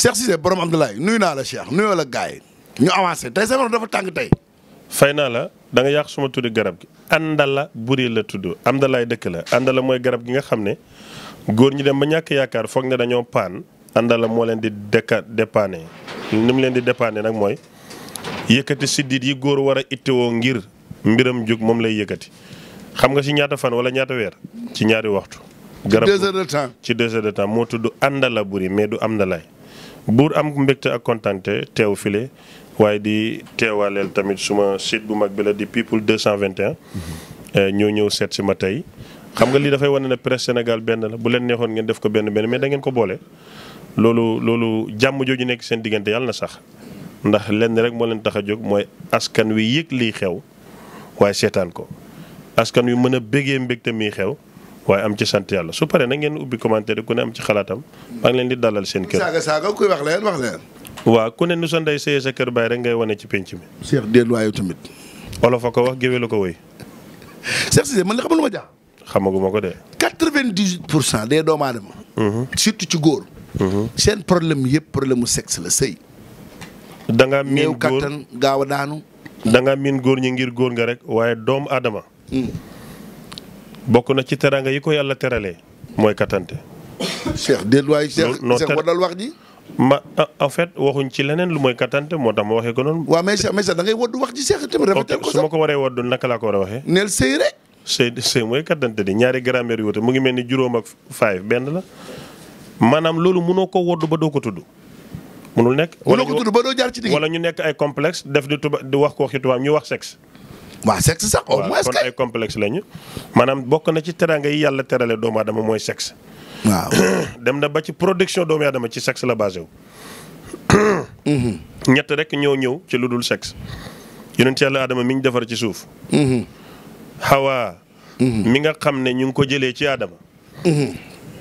Cheikh Cissé borom laay nuyu naa la Cheikh nuyoo la gaay ñu avancé tey sama dafa tàng tey. fay naa la danga nga yàq suma tuddi garab gi àndala buri la tudd Abdoulaye dëkk la àndala mooy garab gi nga xam ne góor ñi dem ba ñàkk yaakaar foog ne dañoo paan àndala moo leen di deka dépanner ni leen di dépanner nag mooy yëkkati siddit yi góor war a ittewoo ngir mbiram jóg moom lay yëkkati xam nga ci ñaata fan wala ñaata weer ci ñaari waxtu. garab ci ci deux heures de temps moo tudd àndala buri mais du Abdoulaye buur am mbégte ak kontante teew file waaye di teewaaleel tamit su ma siit bu mag bi la di people 221. Mhm. Eh, ñoo ñëw seet si ma tey xam nga lii dafay wane ne presse Sénégal benn la bu leen neexoon ngeen def ko benn benn mais da ngeen ko boole. loolu loolu jàmm jooju nekk seen diggante yàlla na sax ndax lenn rek moo leen tax a jóg mooy askan wi yëg liy xew waaye seetaan ko askan wi mën a bégee mbégte mii xew. waaye am ci sant yàlla su paree na ngeen ubbi commentaire ku ne am ci xalaatam maa leen di dalal seen kër. saaga saaga kuy wax leen wax leen. waaw ku ne nu sa ndey sëyee sa kër baay rek ngay wane ci penc mi. Cheikh delluwaayu tamit. olof a ko wax géwél ko wéy. man la xamal lu ma jaax. xamaguma ko de. quatre vingt dix pour cent des doomu aadama. Mhm. surtout ci góor. Mhm. seen problème yëpp problème mu sexe la sëy. da ngaa miin góor néew daanu. da ngaa miin góor ñi ngir góor nga rek waaye doomu aadama. Mm. bokk na ci teraanga yi ko yàlla teralee mooy katante. Cheikh delluwaay Cheikh Cheikh wadal wax ji. ma ah, en fait waxuñ ci leneen lu mooy katante moo tax ma waxee ko noonu. waaw mais Cheikh da ngay woddu wax ji Cheikh ko su ma ko waree woddu naka laa ko war a waxee. neel sëy rek. sëy mooy katante di ñaari grammaire yu mu ngi mel ni juróom ak five benn la maanaam loolu mënoo ko woddu ba doo ko tudd. mënul nekk. mënoo ko tudd ba doo jaar wala ñu nekk ay complexe def di tuba di wax ko waxi tubaab ñu wax sexe. waa sexe sax au moins kon ay complexe lañu maanaam bokk na ci teraanga yi yàlla terale doomu aadama mooy sexe. waaw dem na ba ci production doomu aadama ci sexe la basé ñett rek ñoo ñëw ci lu dul sex yonent yàlla aadama mi ñu ci suuf. Mm-hmm. Hawa. Mm-hmm. mi nga xam ne ñu ngi ko jëlee ci aadama. Mm-hmm.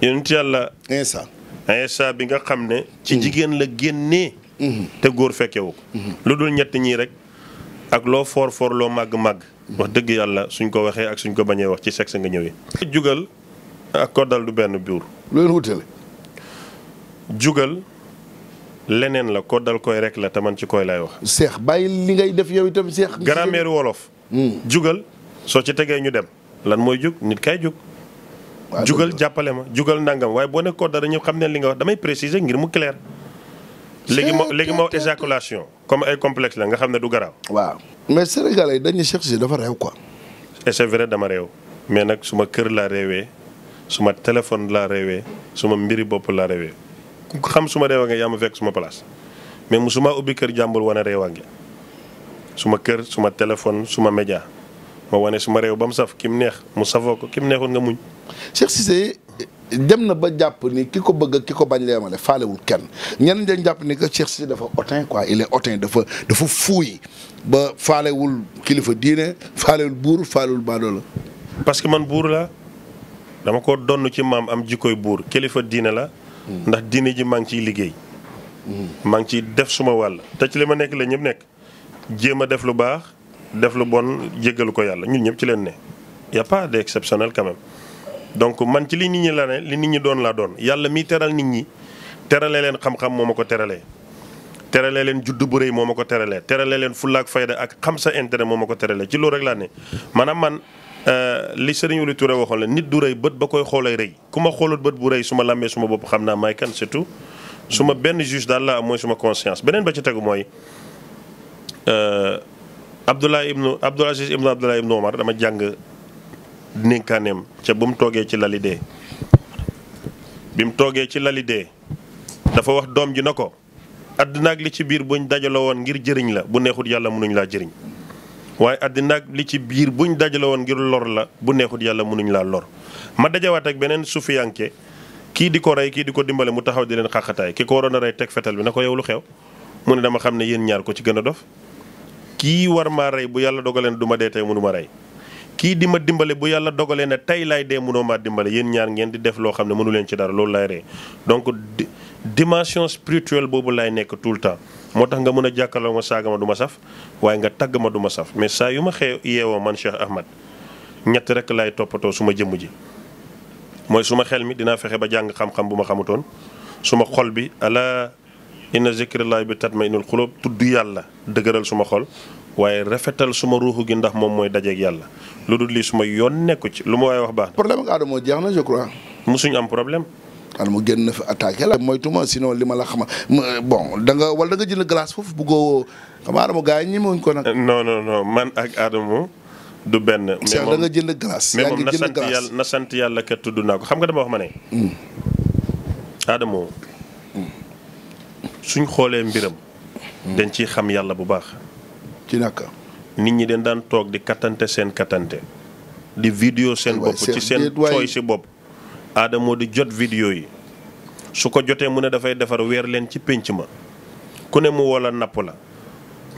yonent yàlla. Insa. Insa bi nga xam ne. ci jigéen la génnee. te góor fekkewu ko. lu dul ñett ñii rek. ak loo foor foor loo màgg-màgg wax dëgg yàlla suñ ko waxee ak suñ ko bañee wax ci sexe nga ñëwee. jugal ak koddal du benn buur. lu leen wutale jugal leneen la koddal koy rek la te man ci koy lay wax. seex bàyyi li ngay def yow itam seex. grammaire wolof. Hmm. jugal soo ci tegee ñu dem lan mooy jug nit kay jug. jugal jàppale ma jugal ndàngam waaye boo ne koddal dañu xam ne li nga wax damay préciser ngir mu clair. léegi moo léegi moo éjaculation comme ay complexe la nga xam ne du garaaw. waaw mais sénégalais yi dañuy Cheikh Cissé dafa réew ko et c'est dama réew mais nag suma kër laa réewee suma téléphone laa réewee suma mbiri bopp laa réewee ku xam suma réewange yaa ma fekk suma place mais suma ubbi kër jàmbur wane réewange suma kër suma téléphone suma média ma wane suma réew ba mu saf ki mu neex mu safoo ko ki mu neexoon nga muñ. Cheikh Cissé dem na ba jàpp ni ki ko bëgg ki ko bañ la yemale faalewul kenn ñenn dañ jàpp ni que Cheikh Cissé dafa otin quoi il est otin dafa dafa fuuy ba faalewul kilifa diine faalewul buur faalewul baadoola parce que man buur la dama ko donn ci maam am jikkoy buur kilifa diine la. ndax diine ji maa ngi ciy liggéey. maa ngi ciy def suma wàll te ci li ma nekk la ñëpp nekk jéem a def lu baax def lu bon jéggalu ko yàlla ñun ñëpp ci leen ne y' a pas d'exceptionnel donc man ci li nit ñi la ne li nit ñi doon laa doon yàlla mi teral nit ñi terale leen xam-xam moo ma ko teralee terale leen juddu bu rëy moom ma ko teralee terale leen fulla ak fayda ak xam sa intérêt moom ma ko teralee ci loolu rek laa ne maanaam man euh, li Serigne Wuli Touré waxoon la nit du rëy bët ba koy xoolee rëy ku ma xoolut bët bu rëy suma ma làmbee suma bopp xam naa may kan surtout suma ma benn juge daal laa am mooy suma conscience beneen ba ci tegu mooy euh, Abdoulaye ibnu Abdoul Aziz ibnu Abdoulaye ibnu dama jàng dénkaaneem ca bu mu toogee ci lali bi mu toogee ci lali dafa wax doom ji na ko àddina ak li ci biir buñ dajaloo woon ngir jëriñ la bu neexut yàlla mënuñ laa jëriñ waaye àddina ak li ci biir buñ dajaloo woon ngir lor la bu neexut yàlla mënuñ laa lor ma dajawaat ak beneen sufiyanke kii di ko rey kii di ko dimbale mu taxaw di leen xàqataay ki ko waroon a rey teg fetal bi na ko yow lu xew mu ne dama xam ne yéen ñaar ko ci gën a dof kii war maa rey bu yàlla dogaleen du ma dee mënu ma rey kii di ma dimbale bu yàlla dogalee na tey laay dee mënoo maa dimbale yéen ñaar ngeen di def loo xam ne mënu leen ci dara loolu laay ree donc dimension spirituelle boobu laay nekk tout le temps moo tax nga mën a jàkkaarloo ma saaga ma duma ma saf waaye nga tagg ma duma ma saf mais saa yu ma xee yeewoo man Cheikh Ahmad ñett rek laay toppatoo suma ma ji mooy suma xel mi dinaa fexe ba jàng xam-xam bu ma xamutoon su ma xol bi ala inna zikrillahi bi tatmainul xuloob tudd yàlla dëgëral su ma xol waaye rafetal su ma ruuxu ndax moom mooy dajeeg yàlla lu dul lii su ma yoon nekku ci lu ma waaye wax baax problème ak Adamo jeex na je crois. musuñ am problème. Adamo génn na fi attaqué la. moytuma sinon li ma la xam bon da nga wala da nga jënd glace foofu buggoo xam nga Adamo yi ñemewuñ ko nag. Eh, non non man ak du benn. mais moom da nga jënd glace. yaa ngi jënd glace yàlla na sant yàlla kat tudd naa ko xam nga dama wax ma ne. Hmm. Adamo suñ xoolee mbiram. Hmm. dañ ciy xam yàlla bu baax. ci naka. nit ñi deen daan toog di kattante seen kattante di vidéo seen bopp ci seen cooy si bopp aadamoo di jot vidéo yi su ko jotee mu ne dafay defar weer leen ci pénc ma ku ne mu wala napp la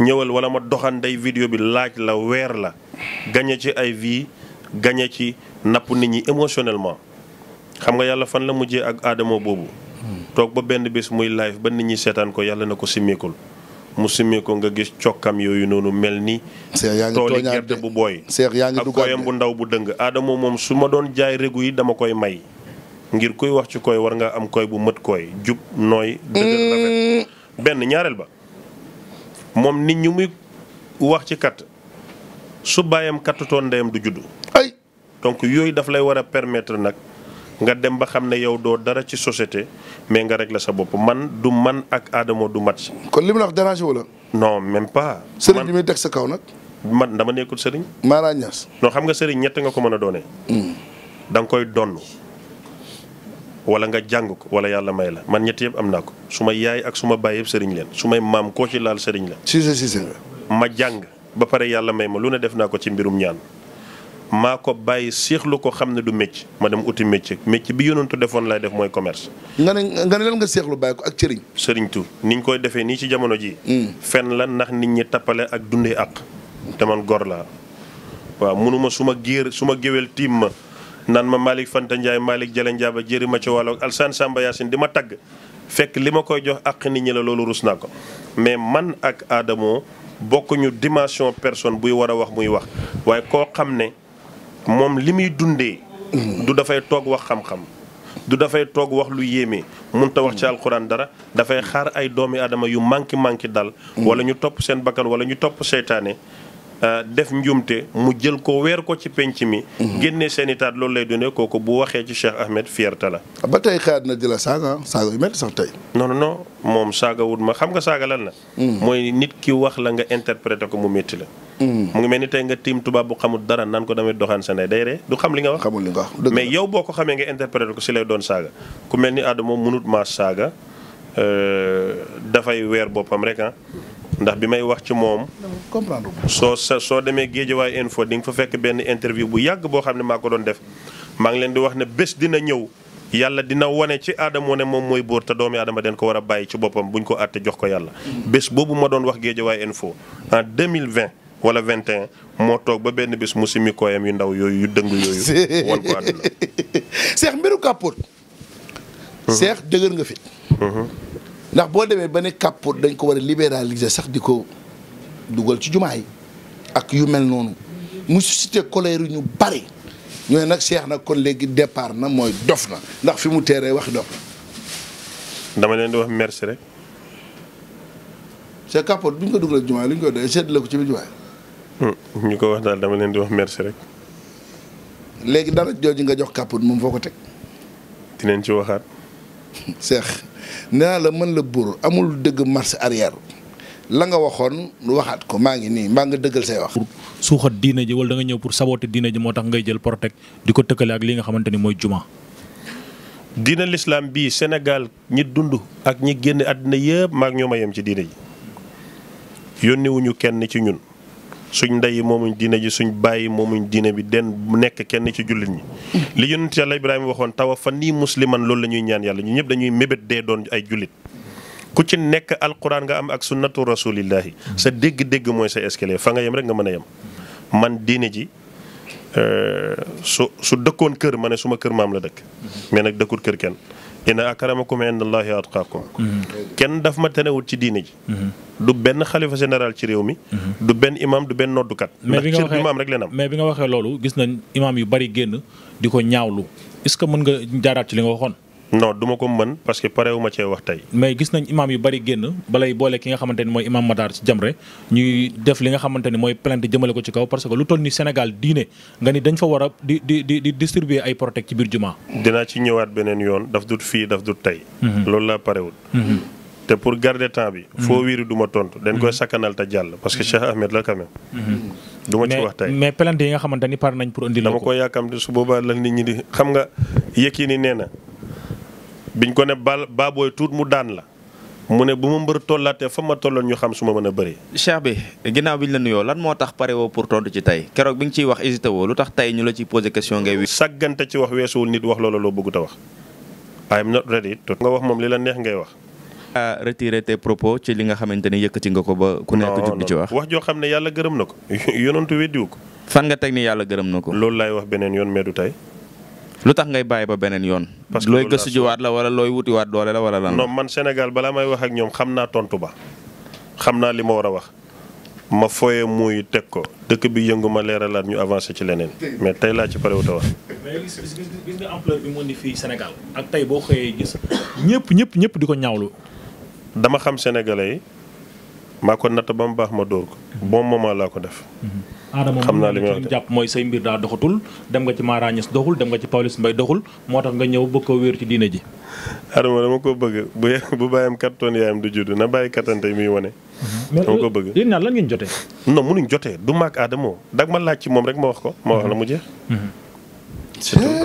ñëwal wala ma doxanday vidéo bi laaj la weer la gañe ci ay vie gañe ci napp nit ñi émotionnellement xam nga yàlla fan la mujjee ak aadamoo boobu hmm. toog ba benn bés muy live ba nit ñi seetaan ko yàlla na ko simmeekul mu simmee ko nga gis cokkam yooyu noonu mel ni. seex yaa ngi tooli gerte bu booy. seex yaa ngi dugaat ak koyam bu ndaw bu dëng. aadama moom su ma doon jaay régu yi dama koy may ngir kuy wax ci koy war nga am koy bu mët koy jub nooy. dëgër rafet mm. benn ñaareel ba moom nit ñu muy wax ci kat su bàyyam kattutoon ndeyam du juddu. ay donc yooyu daf lay war a permettre nag. nga dem ba xam ne yow doo dara ci société mais nga rek la sa bopp man du man ak Adamo du match. kon li mu la wax déranger wu la. no même pas. sëriñ bi muy deg sa kaw nag. man dama nekkul sëriñ. Mara Niass. non xam nga sëriñ ñett nga ko mën a doonee. Hmm. da nga koy donn wala nga jàng ko wala yàlla may la man ñett yëpp am naa ko su ma yaay ak su ma baay yëpp leen su may maam koo ci laal sëriñ la. si si si ma jàng ba pare yàlla may ma lu ne def naa ko ci mbirum ñaan. maa ko bàyyi siixlu ko xam ne du mécc ma dem uti mécc mécc bi yonantu defoon lay def mooy commerce. nga ne nga ne lan seexlu bàyyi ko ak sëriñ. sëriñ tu niñ koy defee nii ci jamono ji hmm. fen la ndax nit ñi tappale ak dundee ak. te man gor laa waaw mënuma su ma géer su ma géwél tiim ma naan ma Malick Fanta Ndiaye Malick Jalle Ndiaba jëri ma ci wàllu Alsane Samba Yacine di ma tagg fekk li ma koy jox ak nit ñi la loolu rus naa ko mais man ak Adamo bokkuñu dimension personne buy war a wax muy wax waaye koo xam ne. moom li muy dundee. du dafay toog wax xam-xam. du dafay toog wax lu yéeme mënut ta wax ci alxuraan dara dafay xaar ay doomi aadama yu manqué manqué dal. wala ñu topp seen bakkan wala ñu topp seytaane. Euh, def njuumte mu jël ko weer ko ci penc mi. génne seen i taat loolu lay dundee kooku bu waxee ci Cheikh Ahmed fierté la. ba tey xaar na di la saaga saaga yu métti sax tey. non non moom saaga wut ma xam nga saaga lan la. Hmm. mooy nit ki wax la nga interprété ko mu métti la. Mm. mu ngi mel ni tey nga tiim tubaab bu xamul dara naan ko damay doxaan sa ndey day ree du xam li nga wax. xamul li nga wax mais yow boo ko xamee nga interpréter ko si lay doon saaga ku mel ni Adamo munut maa saaga euh, dafay weer boppam rek ah. ndax bi may wax ci moom. comprendre soo sa soo demee Géejawaay info di nga fa fekk benn interview bu yàgg boo xam ne maa ko doon def maa ngi leen di wax ne bés dina ñëw yàlla dina wane ci aadama ne moom mooy buur te doomi aadama den ko war a bàyyi ci boppam buñ ko àtte jox ko yàlla. Mm. bés boobu ma doon wax Géejawaay info en 2020 wala 21 moo toog ba benn bis mu simi kooyam yu ndaw yooyu yu dëng yooyu. wan ko àdduna. seex mbiru kàppoot. Mhm. seex dëgër nga fi mhm. ndax boo demee ba ne kàppoot dañ ko war a libéraliser sax di ko dugal ci jumaa yi ak yu mel noonu mu suscité ñu bari ñooy nag seex na kon léegi départ na mooy dof na ndax fi mu teeree wax dof na. dama leen di wax merci rek. seex kàppoot bi ñu ko dugal jumaa yi lu ñu koy doyee seetlu la ko ci biir jumaa yi Hmm, ñu ko wax daal dama leen di wax merci rek. léegi dara jooju nga jox kàpput moom foo ko teg. dinañ ci waxaat. Cheikh nee la mën la buur amul dëgg marche arrière la nga waxoon waxaat ko maa ngi nii mbaa nga dëggal say wax. pour suuxat diina ji wala da ñëw pour saboter diina ji moo tax ngay jël protect di ko tëkkale ak li nga xamante ni mooy juma. dina lislaam bi senegal ñi dund ak ñi génn àddina yëpp maag ñoo ma yem ci diina ji yónniwuñu kenn ci ñun. suñ ndey moomuñ diine ji suñ bàyyi moomuñ diine bi den nekk kenn ci jullit ñi li yonent yàlla ibrahima waxoon tawa fa nii musliman loolu la ñuy ñaan yàlla ñu ñëpp dañuy mébét dee doon ay jullit ku ci nekk alquran nga am ak sunnatu rasulillahi sa dégg-dégg mooy sa escalier fa nga yem rek nga mën a yem man diine ji euh, su su dëkkoon kër ma ne suma kër maam la dëkk mais nag dëkkul kër kenn inna akramakum indallahi atqaakum kenn daf ma tenewul ci diine ji du benn xalifa général ci réew mi du benn imam du benn noddukat ndax cër bi maam rek leen am mais bi nga waxee loolu gis na imam yu bari génn di ko ñaawlu est-ce que mën nga jaaraat ci li nga waxoon non du ma ko mën parce que pare wu ma cee wax tey. mais gis nañ imaam yu bari génn balay boole ki nga xamante mooy imaam Matar ci Jamre ñuy def li nga xamante mooy plainte a di di di di distribuer ay yoon daf dut fii daf dut tey. Mhm. loolu laa parewul mhm. te mhm. yi nga xamante ni pare nañ pour indi la ko dama ko yàkkamti su boobaa la nit ñi di xam nga yëkkini nee biñ ko ne bal baabooy tuut mu daan la mu ne bu ma mbër tollaatee fa ma tolloon ñu xam su ma mën a bëri. Cheikh bi ginnaaw bi ñu la nuyoo lan moo tax pare woo pour tontu ci tey keroog bi nga ciy wax hésité lu tax tey ñu la ciy posé question ngay wi. saggante ci wax weesuwul nit wax loola loo bëggut wax. I am not ready to nga wax moom li la neex ngay wax. a ah, retiré tes propos ci li nga xamante ne yëkkati nga ko ba. ku nekk jub ci wax wax joo xam ne yàlla gërëm na ko yonantu weddiwu ko. fan nga teg ni yàlla gërëm na ko. loolu laay wax beneen yoon mais du tey. lu tax ngay bàyyi ba beneen yoon. parce que looy gëstujiwaat la wala looy wutiwaat doole la wala lan. non man Sénégal balaa may wax ak ñoom xam naa tontu ba xam naa li ma war a wax ma foyee muy teg ko dëkk bi yëngu ma leeralaat ñu avancé ci leneen mais tey laa ci pare wut a wax. mais gis gis fii Sénégal ak tey boo xëyee ñëpp ñëpp ñëpp di ko ñawlu dama xam sénégalais yi maa ko natt ba mu baax ma dóor ko bon moment laa ko def. Mhm. aadama xam naa li muy wax jàpp mooy say mbir daa doxatul dem nga ci maaraañes doxul dem nga ci Pawlish Mbaye doxul moo tax nga ñëw bëgg ko wéer ci diine ji aadama dama ko bëgg bu bu bàyyam ton yaayam du judd na bàyyi kattante muy wane mhm. dama ko bëgg yéen ñaar lan ngeen jotee non mënuñ jotee du maag aadama dag ma laaj ci moom rek ma wax ko ma wax la mu jeex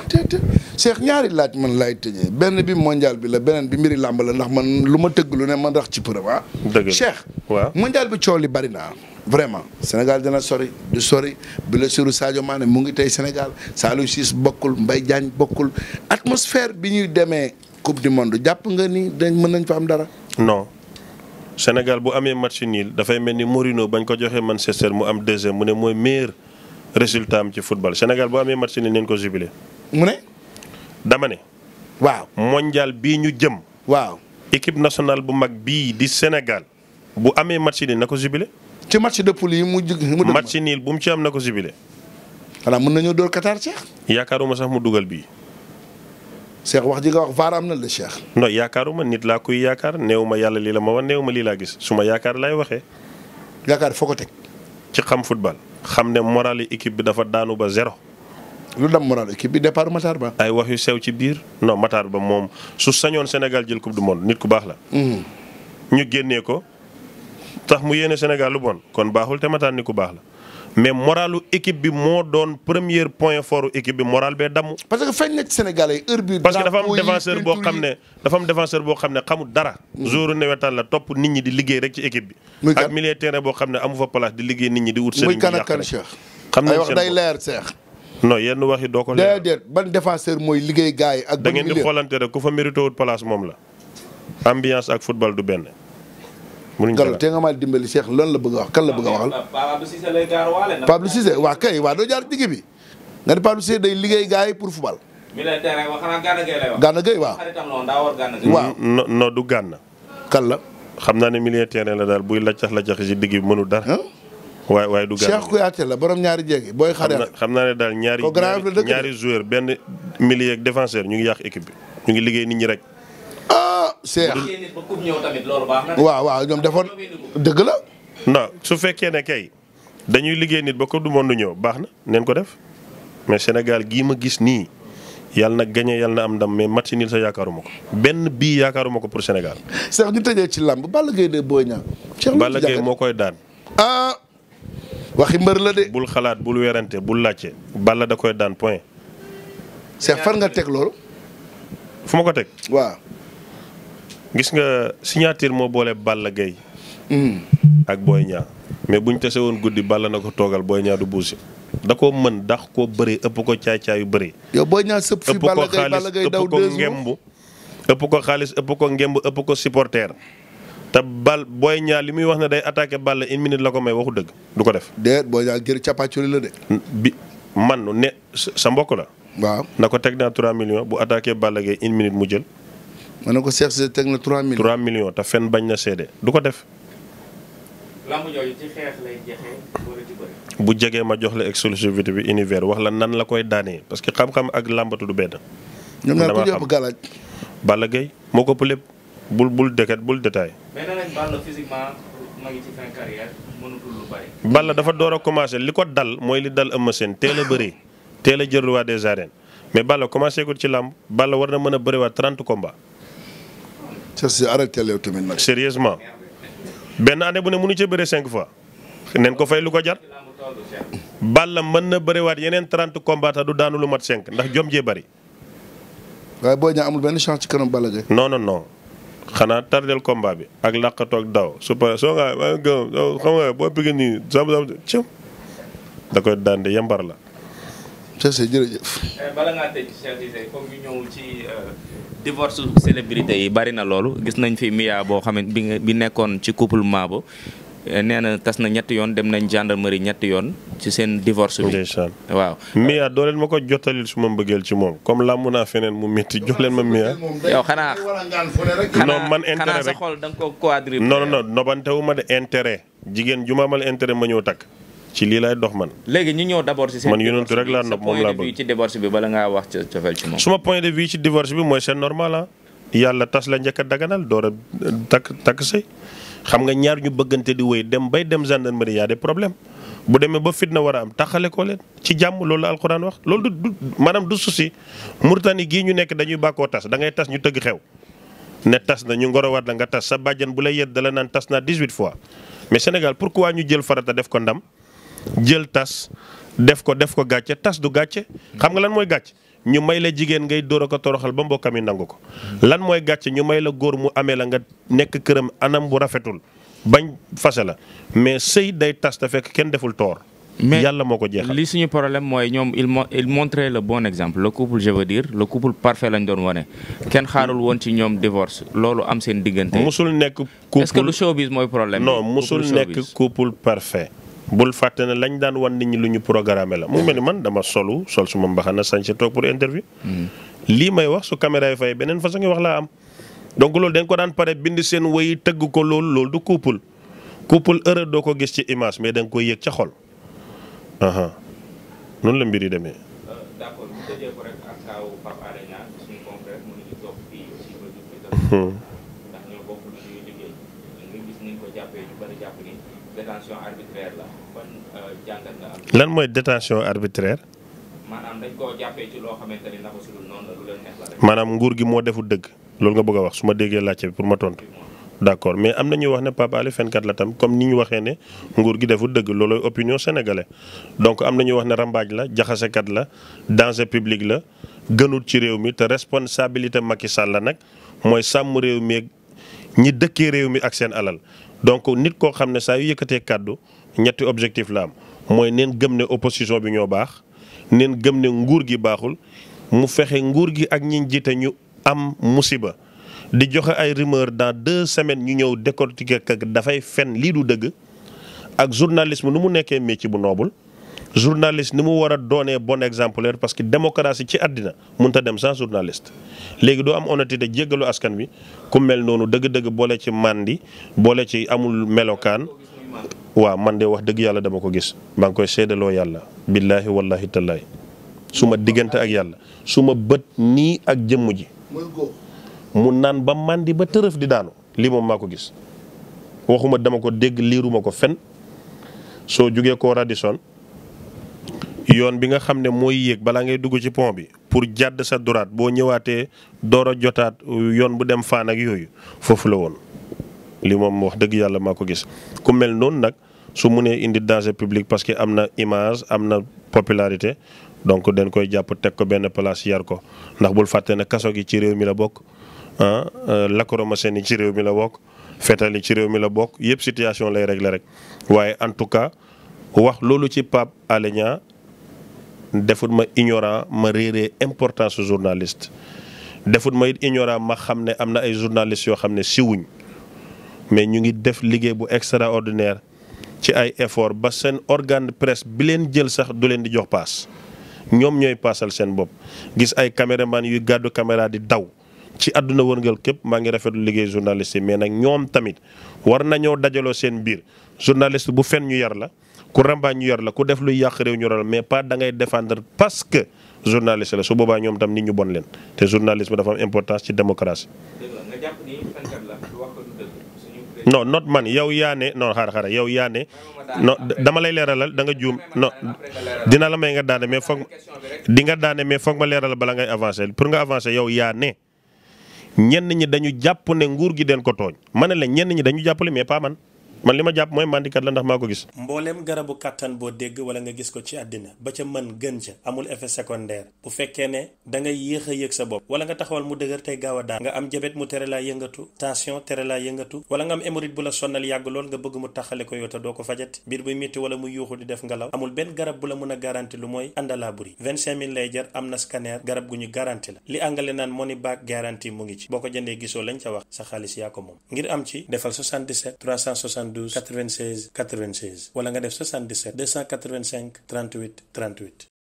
tet mhm. Cheikh ñaari laaj man laay tëjee benn bi mondial bi la beneen bi mbiri làmb la ndax man lu ma tëgg lu ne man rax ci përëma ah. Cheikh waaw mondial bi coow li bari naa vraiment Sénégal dina sori du sori blessure Sadio maane mu ngi tey Sénégal Saliou Ciss bokkul Mbaye Diagne bokkul atmosphère bi ñuy demee coupe du monde jàpp nga ni dañ mën nañ fa am dara. non Sénégal bu amee match niil dafay mel ni Mourinho bañ ko joxee Manchester mu am deuxième mu ne mooy meilleur résultat am ci football Sénégal bu amee match niil nañ ko jubilé. mu ne. dama ne. waaw mondial bii ñu jëm. waaw équipe nationale bu mag bii di Sénégal bu amee match niil na ko jubilé. ci match de poule yi mu jug. mu dëgg match niil bu mu ci am na ko sibile. xanaa mën nañoo dóor Qatar Cheikh. yaakaaruma sax mu dugal bii. Cheikh wax ji nga wax vaar am na la Cheikh. non yaakaaruma nit laa koy yaakaar néew ma yàlla lii la ma wan néew ma lii laa gis su ma yaakaar laay waxee. yaakaar foo ko teg. ci xam football. xam ne moral yi équipe bi dafa daanu ba zéro. lu dam moral équipe bi départ Matar Ba. ay wax yu sew ci biir no Matar Ba moom su sañoon Sénégal jël coupe du monde baax la. Hmm. tax mu yéene Sénégal lu bon kon baaxul te mataan ni ku baax la mais moralu équipe bi moo doon premier point fort équipe bi moral bee damm. parce que feeñ na Sénégal ay heure bii. parce que dafa am défenseur boo xam ne dafa am boo xam ne xamul dara. Mm-hmm. jour nawetaan la topp nit ñi di liggéey rek ci équipe bi. ak milieu terrain boo xam ne amu fa place di liggéey nit ñi di. wut seen muy kan ak kan Cheikh. xam nañ yenn wax yi doo ko leer déedéet ban défenseur mooy liggéey gars yi ak. da ngeen di xoolante rek ku fa mérité wut place moom la ambiance ak football du benn mënuñ gàllankoor te nga maa dimbali seex lan la bëgg wax kan la bëgg a waxal. Pablo Cissé waa kay waa doo jaar digg bi. nga ne Pablo Cissé day liggéey gaa yi pour football. mi lay tere wax du Gana. kan la. xam naa ne milieu terrain la daal buy laccax laccax ci digg bi mënul dara. waaye du. Cheikh Kouyaté la borom ñaari jéegi booy. xale xam naa ne daal ñaari ñaari joueur benn milieu ak ñu ngi yàq équipe bi ñu ngi liggéey nit ñi rek Cheikh waaw waaw ñoom defoon dëgg la. non su fekkee ne kay dañuy liggéey nit ba ko du monde ñëw baax na neen ko def mais Sénégal gii ma gis nii yàlla na gagné yal na am ndam mais match nil sa yaakaaruma ko benn bii yaakaaruma ko pour Sénégal. Cheikh ñu tëjee ci làmb Balla Gaye de Boy Balla Gaye moo koy daan. ah waxi mbër la de. bul xalaat bul weerante bul laajte Balla da koy daan point. Cheikh fan nga teg loolu. fu ma ko teg waaw. gis nga signature moo boole Balla Gaye hmm. ak Boy Niang mais buñ tase woon guddi Balla na ko toogal Boy Niang du buusi da koo mën dax ko bëri ëpp ko caay-caay yu bëri. yow Boy Niang sëpp fi Balla Gaye Balla Gaye daw ko xaalis ëpp ko ngemb ëpp ko supporter te bal Boy Niang li muy wax ne day attaqué Balla une la ko may waxu dëgg du ko def. déet Boy Niang gër cappaaculi la bi man ne sa mbokk la. waaw na ko teg naa 3 bu attaqué Balla Gaye une minute mu jël. man ne ko Cheikh Cissé teg na 3 millions. 3 millions te fenn bañ na seede du ko def. bu jegee ma jox la exclusivité bi univers wax la nan la koy daanee parce que xam-xam ak làmbatu du benn. ñoom ñaar ku jàpp galaaj. Balla Gaye moo ko ëpp lépp bul bul dëkkat bul détail. mais Balla dafa door a commencé li ko dal mooy li dal Eumeu Sène teel a bëri teel a jël roi des arènes mais Balla commencé ko ci làmb Balla war na mën a bëriwaat 30 combats. Chelsea arrêté yow tamit nag. sérieusement benn année bu ne mënu ca bëre cinq fois neen ko fay lu ko jar. la mën na bëriwaat yeneen 30 combats du daanu lu mat cinq ndax jom jee bëri. waaye boo ñaa amul benn chance ci kanam Balla Gaye. no non non xanaa tardel combat bi ak làqatoo ak daw su paree soo nga xam nga boo bëggee nii da koy daan de yambar la. Cheikh Cissé jërëjëf. Euh, bala ngaa tëj ci euh, divorce yi bari na loolu gis nañ fi Mia boo xam ne bi nekkoon ci couple Mabo euh, nee na tas na ñetti yoon dem nañ gendarmerie ñetti yoon ci seen divorce bi. ndeysaan waaw. Mia doo leen ma ko jotalil su ma mbëggeel ci moom comme làmm naa feneen mu métti jox leen ma Mia. yow xanaa non man intérêt rek xanaa sa xol da nga ko coadri. non non nobante ma de intérêt jigéen ju ma amal intérêt ma ñëw takk. ci lii lay dox man. léegi ñu ñëw d'abord ci seen. man yonentu rek laa bi bala ngaa wax cofeel ci moom. suma point de vue ci divorce bi mooy c'est normal ah. yàlla tas la njëkk a daganal door a takk takk sëy xam nga ñaar ñu bëggante di wéy dem bay dem gendarmerie y a des bu demee ba fitna war a am taxale ko leen ci jàmm loolu la alxuraan wax loolu du maanaam du susi Murtani gii ñu nekk dañuy bàkkoo tas da ngay tas ñu tëgg xew ne tas na ñu ngorowaat la nga tas sa bàjjan bu lay yedd dala naan tas naa 18 fois mais Sénégal pourquoi ñu jël farata def ko jël tas def ko def ko gàcce tas du gàcce xam nga lan mooy gàcc ñu may la jigéen ngay dóor a ko toroxal ba mbokkam yi nangu ko lan mooy gàcce ñu may la góor mu amee la nga nekk këram anam bu rafetul bañ fase la mais sëy day tas te fekk kenn deful toor mais yàlla moo ko jeexal li suñu problème mooy ñoom il il montré le bon exemple le couple je veux dire le couple parfait lañ doon wane kenn xaarul woon ci ñoom divorce loolu am seen diggante. musul nekk couple est-ce que lu showbiz mooy problème. non musul nekk couple parfait. bul fàtte ne lañ daan wan nit ñi lu ñu programmé la mu mel ni man dama solu sol suma mbaxana sañse toog pour interview. lii may wax su caméra yi fay beneen façon ngi wax laa am. donc loolu dañ ko daan pare bind seen woy tëgg ko loolu loolu du couple couple heure doo ko gis ci image mais da nga koy yëg ca xol. noonu la mbir yi demee. lan mooy détention arbitraire. maanaam nguur gi moo deful dëgg loolu nga bëgg wax su ma déggee laajte bi pour ma tontu. d' mais am na ñuy wax ne Pape fenkat la tam comme ni ñu waxee ne nguur gi deful dëgg loolooy opinion sénégalais donc am na ñuy wax ne rambaaj la jaxasekat la danger public la gënul ci réew mi te responsabilité Macky Sall la nag mooy sàmm réew mi ñi dëkkee réew mi ak seen alal donc nit koo xam ne saa yu yëkkatee kàddu ñetti objectif la am. mooy neen gëm ne opposition bi ñoo baax neen gëm ne nguur gi baaxul mu fexe nguur gi ak ñi jiite ñu am musiba di joxe ay rumeur dans deux semaines ñu ñëw décortiquer kak dafay fen lii du dëgg ak journalisme nu mu nekkee métier bu noobul journaliste ni mu war a doonee bon exemplaire parce que démocratie ci àddina mënut dem sans journaliste léegi doo am honnêteté jéggalu askan wi ku mel noonu dëgg-dëgg boole ci màndi boole ci amul melokaan waaw man de wax dëgg yàlla dama ko gis maa ngi koy seedaloo yàlla billaahi wallaahi tallaahi su ma diggante ak yàlla su ma bët nii ak jëmm ji mu naan ba màndi ba tërëf di daanu lii moom maa ko gis waxuma dama ko dégg liiruma ko fen soo jógee ko radison yoon bi nga xam ne mooy yéeg balaa ngay dugg ci pont bi pour jàdd sa duraat boo ñëwaatee door a jotaat yoon bu dem faan ak yooyu foofu la woon li moom wax dëgg yàlla maa ko gis ku mel noonu nag su munee indi danger publique parce que am na image am na popularité donc dañ koy jàpp teg ko benn place yar ko ndax bul fàttee na kaso gi ci réew mi la bokk ah euh, lacrymogène yi ci réew mi la bokk fetal ci réew mi la bokk yëpp situation lay régler rek waaye en tout cas wax loolu ci Pape Alé Niang defut ma ignorant ma réeree importance journaliste defut ma it ignorant ma xam ne am na ay journalistes yoo xam ne siwuñ mais ñu ngi def liggéey bu extraordinaire ci ay effort ba seen organe de bi leen jël sax du leen di jox paas ñoom ñooy paasal seen bopp gis ay caméraman yuy gàddu caméra di daw ci àdduna wërngal képp maa ngi rafetlu liggéey journaliste yi mais nag ñoom tamit war nañoo dajaloo seen biir journaliste bu fen ñu yar la ku rambaa ñu yar la ku def luy yàq réew ñu ral mais pas da ngay défendre parce que journaliste la su boobaa ñoom tam nit ñu bon leen te journalisme dafa am importance ci démocratie. non not man yow yaa ne non xaar xaar yow yaa ne non dama lay leeralal danga nga juum non dina la may nga daane mais foog di nga daane mais foog ma leeralal bala ngay avancer pour nga avancer yow yaa ne ñenn ñi dañu jàpp ne nguur gi den ko tooñ ma ne la ñenn ñi dañu jàppale mais pas man li ma jàpp mooy mandikat la ndax maa ko gis. mbooleem garabu kàttan boo dégg wala nga gis ko ci àddina ba ca mën gën ca amul effet secondaire bu fekkee ne da nga yéex a yëg sa bopp wala nga taxawal mu dëgër tey gaaw a daan nga am jabet mu tere laa yëngatu tension tere laa yëngatu wala nga am hémorroïde bu la sonnal yàgg lool nga bëgg mu taxale ko yow te doo ko fajat biir buy métti wala mu yuuxu di def ngelaw amul benn garab bu la mën a garanti lu mooy àndalaa buri 25000 lay jar gu ñu garanti la li angale naan money ngi ci boo ko jëndee gisoo lañ ca wax sa xaalis yaa ko 72 96 96 wala nga def 77 285 38 38.